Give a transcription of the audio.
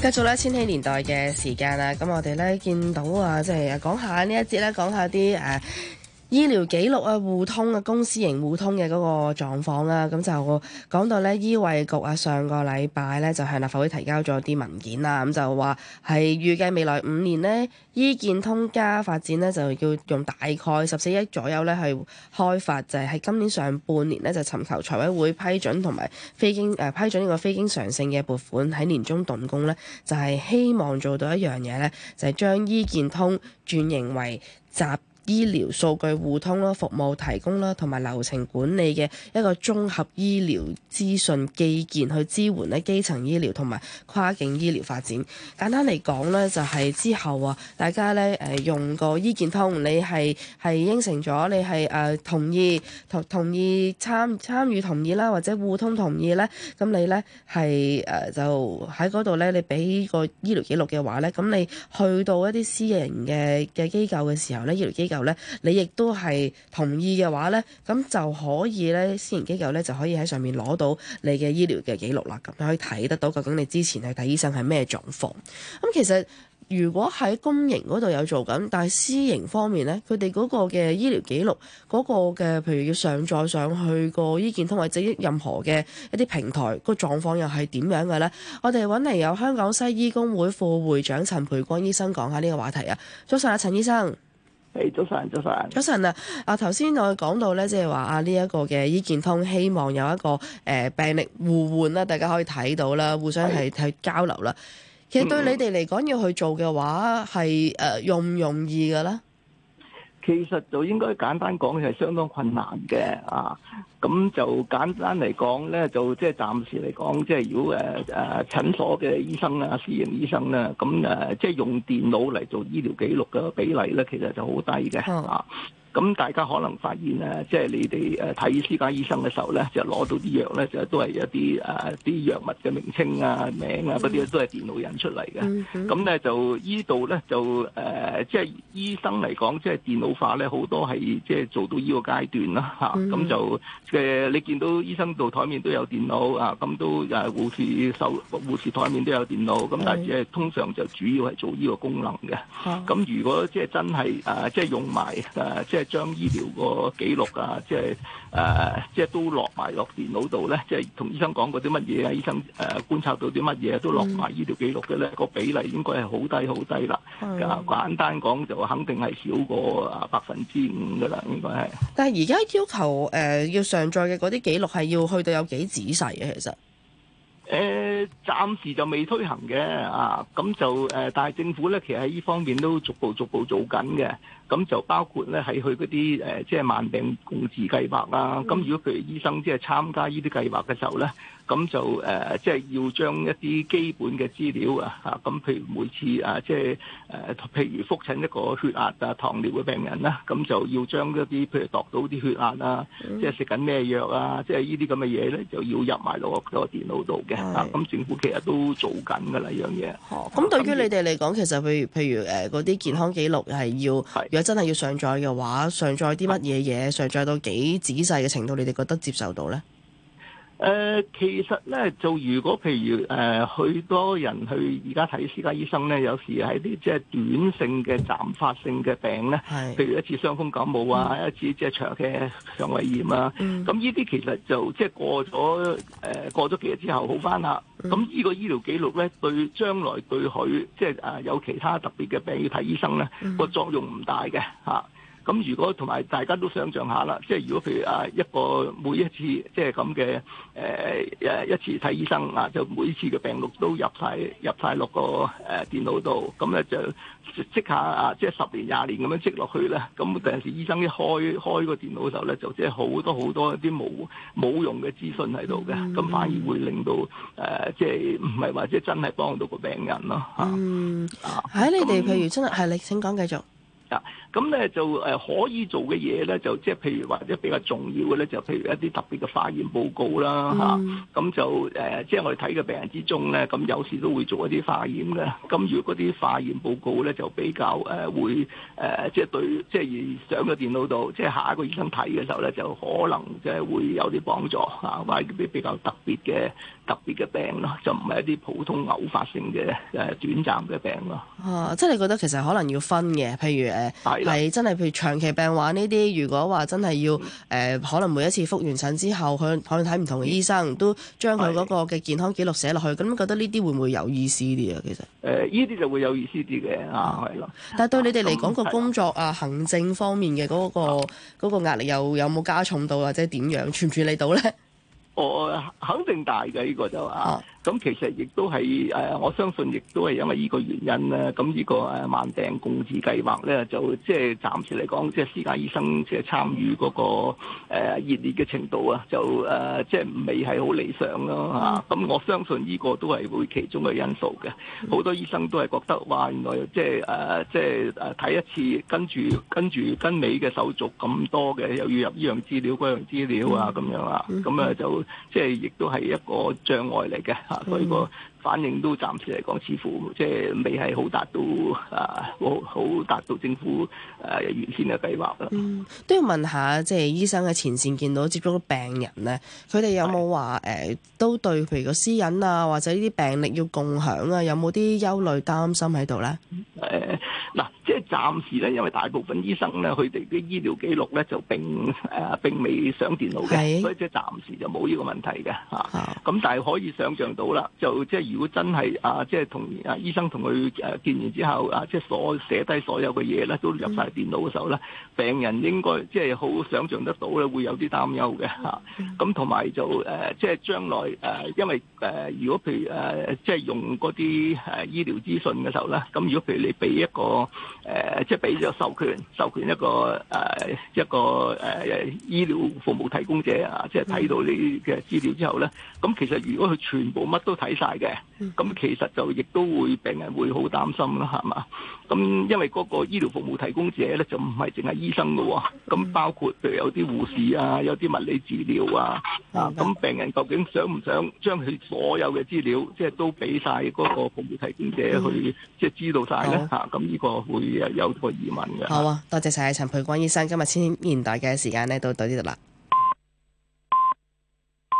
繼續啦，千禧年代嘅時間啊，咁我哋咧見到啊，即係講下呢一節咧，講下啲誒，醫療記錄啊，互通啊，公私營互通嘅嗰個狀況啊。咁就講到咧，醫衞局啊，上個禮拜咧就向立法會提交咗啲文件啦，咁就話係預計未來五年咧，醫健通加發展咧，就要用大概十四億左右咧，係開發就係、是、喺今年上半年咧，就尋求財委會批准同埋非經誒、呃、批准呢個非經常性嘅撥款喺年中動工咧，就係、是、希望做到一樣嘢咧，就係、是、將醫健通轉型為集。醫療數據互通咯，服務提供啦，同埋流程管理嘅一個綜合醫療資訊基建去支援咧，基層醫療同埋跨境醫療發展。簡單嚟講咧，就係之後啊，大家咧誒用個醫健通，你係係應承咗，你係誒同意同同意參參與同意啦，或者互通同意咧，咁你咧係誒就喺嗰度咧，你俾個醫療記錄嘅話咧，咁你去到一啲私人嘅嘅機構嘅時候咧，醫療機構咧，你亦都係同意嘅話咧，咁就可以咧，私營機構咧就可以喺上面攞到你嘅醫療嘅記錄啦。咁你可以睇得到究竟你之前去睇醫生係咩狀況。咁、嗯、其實如果喺公營嗰度有做緊，但係私營方面咧，佢哋嗰個嘅醫療記錄嗰、嗰個嘅，譬如要上載上去個醫健通或者任何嘅一啲平台，嗰個狀況又係點樣嘅咧？我哋揾嚟有香港西醫工會副會長陳培光醫生講下呢個話題啊。早晨啊，陳醫生。係，早晨，早晨。早晨啊！啊，頭先我講到咧，即係話啊，呢一個嘅醫健通希望有一個誒病歷互換啦，大家可以睇到啦，互相係去交流啦。 其實對你哋嚟講，要去做嘅話，係誒容唔容易嘅咧？其實就應該簡單講，係相當困難嘅啊！咁就簡單嚟講咧，就即係暫時嚟講，即係如果誒誒診所嘅醫生啦、私人醫生啦，咁誒即係用電腦嚟做醫療記錄嘅比例咧，其實就好低嘅啊。咁大家可能發現咧，即係你哋誒睇私家醫生嘅時候咧，就攞到啲藥咧，就都係一啲誒啲藥物嘅名稱啊、名啊嗰啲都係電腦印出嚟嘅。咁咧就依度咧就誒，即係醫生嚟講，即係電腦化咧，好多係即係做到呢個階段啦嚇。咁就嘅你見到醫生度台面都有電腦啊，咁都誒護士手護士台面都有電腦，咁但係即係通常就主要係做呢個功能嘅。咁如果即係真係誒，即係用埋誒即係。將醫療個記錄啊，即係誒、呃，即係都落埋落電腦度咧，即係同醫生講過啲乜嘢，醫生誒、呃、觀察到啲乜嘢，都落埋醫療記錄嘅咧，個、嗯、比例應該係好低好低啦。的簡單講就肯定係少過啊百分之五噶啦，應該係。但係而家要求誒、呃、要上載嘅嗰啲記錄係要去到有幾仔細嘅，其實。誒暫時就未推行嘅啊，咁就誒、呃，但係政府咧，其實喺呢方面都逐步逐步做緊嘅，咁就包括咧喺佢嗰啲誒，即係慢病共治計劃啦、啊。咁如果譬如醫生即係參加呢啲計劃嘅時候咧。咁就誒、呃，即係要將一啲基本嘅資料啊，嚇咁，譬如每次誒，即係誒，譬如覆診一個血壓啊、糖尿嘅病人啦，咁、啊、就要將一啲譬如度到啲血壓、嗯、啊，即係食緊咩藥啊，即係呢啲咁嘅嘢咧，就要入埋落個電腦度嘅。嚇是，咁、啊、政府其實都做緊噶啦，呢是樣嘢。哦，咁對於你哋嚟講，其實譬如譬如誒，嗰啲健康記錄係要，是如果真係要上載嘅話，上載啲乜嘢嘢，上載到幾仔細嘅程度，你哋覺得接受得到咧？誒、呃，其實咧就如果譬如誒，許、呃、多人去而家睇私家醫生咧，有時係啲即係短性嘅暫發性嘅病咧，係是，譬如一次傷風感冒啊，嗯、一次即係腸嘅腸胃炎啊，咁呢啲其實就即係過咗誒、呃、過咗幾日之後好翻啦。咁呢、嗯、個醫療記錄咧，對將來對佢即係啊、呃、有其他特別嘅病要睇醫生咧，個作用唔大嘅吓。嗯咁如果同埋大家都想像下啦，即係如果譬如啊一個每一次即係咁嘅誒誒一次睇醫生啊，就每一次嘅病歷都入晒入曬落個誒電腦度，咁咧就積下啊，即係十年廿年咁樣積落去咧，咁有陣時醫生一開開個電腦嘅時候咧，就即係好多好多啲冇冇用嘅資訊喺度嘅，咁、嗯、反而會令到誒、呃、即係唔係話真係幫到個病人咯嚇。嗯，喺你哋譬如真係係你請講繼續。咁咧就誒可以做嘅嘢咧，就即係譬如或者比較重要嘅咧，就譬如一啲特別嘅化驗報告啦嚇。咁、嗯啊、就誒、呃、即係我哋睇嘅病人之中咧，咁、嗯、有時都會做一啲化驗嘅。咁、嗯、如果嗰啲化驗報告咧就比較誒會誒即係對即係上個電腦度，即係下一個醫生睇嘅時候咧，就可能即係會有啲幫助嚇、啊，或者啲比較特別嘅特別嘅病咯、啊，就唔係一啲普通偶發性嘅誒、呃、短暫嘅病咯。啊，即係你覺得其實可能要分嘅，譬如誒。係真係譬如長期病患呢啲，如果話真係要誒、嗯呃，可能每一次覆完診之後，可去睇唔同嘅醫生，都將佢嗰個嘅健康記錄寫落去，咁覺得呢啲會唔會有意思啲啊？其實誒，呢啲就會有意思啲嘅、嗯、啊。係咯。但係對你哋嚟講個工作啊，行政方面嘅嗰、嗰個嗰、啊、壓力又有冇加重到，或者點樣，處唔處理到咧？我肯定大嘅呢、呢個就是、啊。啊。咁其實亦都係誒，我相信亦都係因為呢個原因咧，咁、這、呢個誒慢病共治計劃咧，就即係暫時嚟講，即係私家醫生即係參與嗰個誒熱、呃、烈嘅程度、呃、啊，就誒即係未係好理想咯嚇。咁我相信呢個都係會其中嘅因素嘅。好多醫生都係覺得哇，原來即係誒即係誒睇一次，跟住跟住跟尾嘅手續咁多嘅，又要入依樣資料嗰樣資料啊咁樣啊，咁啊就即係亦都係一個障礙嚟嘅。啊！所以個反應都暫時嚟講，似乎即係未係好達到啊，好好達到政府誒、啊、原先嘅計劃啦。嗯，都要問下即係醫生嘅前線見到接觸到病人咧，佢哋有冇話誒都對譬如個私隱啊，或者呢啲病歷要共享啊，有冇啲憂慮擔心喺度咧？誒、嗯。嗯暫時咧，因為大部分醫生咧，佢哋啲醫療記錄咧就並誒、呃、並未上電腦嘅，的所以即係暫時就冇呢個問題嘅嚇。咁、啊嗯、但係可以想像到啦，就即係如果真係啊，即係同啊醫生同佢誒見完之後啊，即係所寫低所有嘅嘢咧，都入晒電腦嘅時候咧，嗯、病人應該即係好想像得到咧，會有啲擔憂嘅嚇。咁同埋就誒、呃，即係將來誒、呃，因為誒、呃，如果譬如誒、呃，即係用嗰啲誒醫療資訊嘅時候咧，咁如果譬如你俾一個誒。誒即係俾咗授權，授權一個誒、呃、一個誒、呃、醫療服務提供者啊，即係睇到你嘅資料之後咧。咁其實如果佢全部乜都睇晒嘅，咁、嗯、其實就亦都會病人會好擔心啦，係嘛？咁因為嗰個醫療服務提供者咧就唔係淨係醫生嘅喎，咁、嗯、包括譬如有啲護士啊，有啲物理治療啊，嗯、啊咁、嗯、病人究竟想唔想將佢所有嘅資料即係都俾晒嗰個服務提供者去、嗯、即係知道晒咧？嚇、啊，咁呢、啊、個會誒有個疑問嘅。好啊，多謝晒陳培光醫生，今日千年代嘅時間咧都到呢度啦。